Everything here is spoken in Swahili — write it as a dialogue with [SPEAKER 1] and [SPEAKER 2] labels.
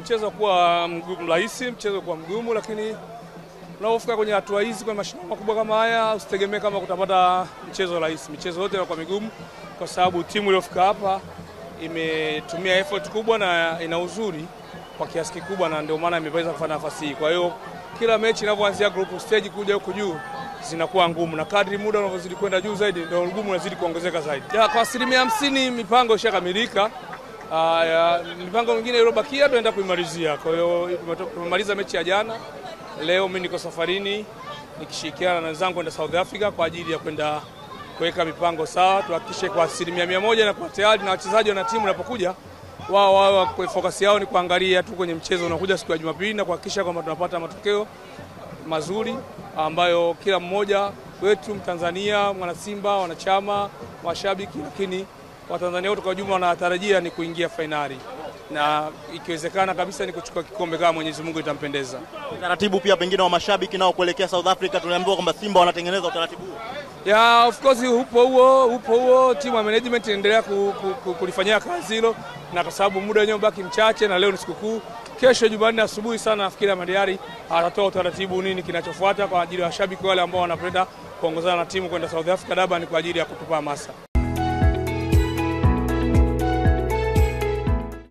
[SPEAKER 1] Mchezo kuwa mrahisi mchezo kuwa mgumu, lakini unapofika kwenye hatua hizi, kwenye mashindano makubwa kama haya, usitegemee kama kutapata mchezo rahisi. Michezo yote kwa migumu, kwa sababu timu iliyofika hapa imetumia effort kubwa na ina uzuri kwa kiasi kikubwa, na ndio maana imeweza kufanya nafasi hii. Kwa hiyo kila mechi inavyoanzia group stage kuja huku juu zinakuwa ngumu, na kadri muda unavyozidi kwenda juu zaidi, ndio ugumu unazidi kuongezeka zaidi. Kwa asilimia hamsini mipango ishakamilika mipango mingine iliyobakia tunaenda kuimalizia. Kwa hiyo tumemaliza mechi ya jana. Leo mimi niko safarini nikishirikiana na wenzangu kwenda South Africa kwa ajili ya kwenda kuweka mipango sawa, tuhakikishe kwa asilimia mia moja na kwa tayari na wachezaji na timu wanapokuja wao wao focus yao ni kuangalia tu kwenye mchezo unakuja siku ya Jumapili na kuhakikisha kwamba tunapata matokeo mazuri ambayo kila mmoja wetu Mtanzania, Mwanasimba, wanachama, washabiki lakini Watanzania wote kwa jumla wanatarajia ni kuingia fainali na ikiwezekana kabisa ni kuchukua kikombe kama Mwenyezi Mungu itampendeza.
[SPEAKER 2] Utaratibu pia pengine wa mashabiki nao kuelekea South Africa, tunaambiwa kwamba Simba wanatengeneza utaratibu huo.
[SPEAKER 1] Yeah, of course upo huo, upo huo. Timu ya management inaendelea ku, ku, ku, kulifanyia kazi hilo, na kwa sababu muda wenyewe baki mchache na leo ni sikukuu, kesho Jumanne asubuhi sana nafikiri madiari atatoa utaratibu nini kinachofuata kwa ajili ya washabiki wale ambao wanapenda kuongozana na timu kwenda South Africa Durban kwa ajili ya kutupa masa.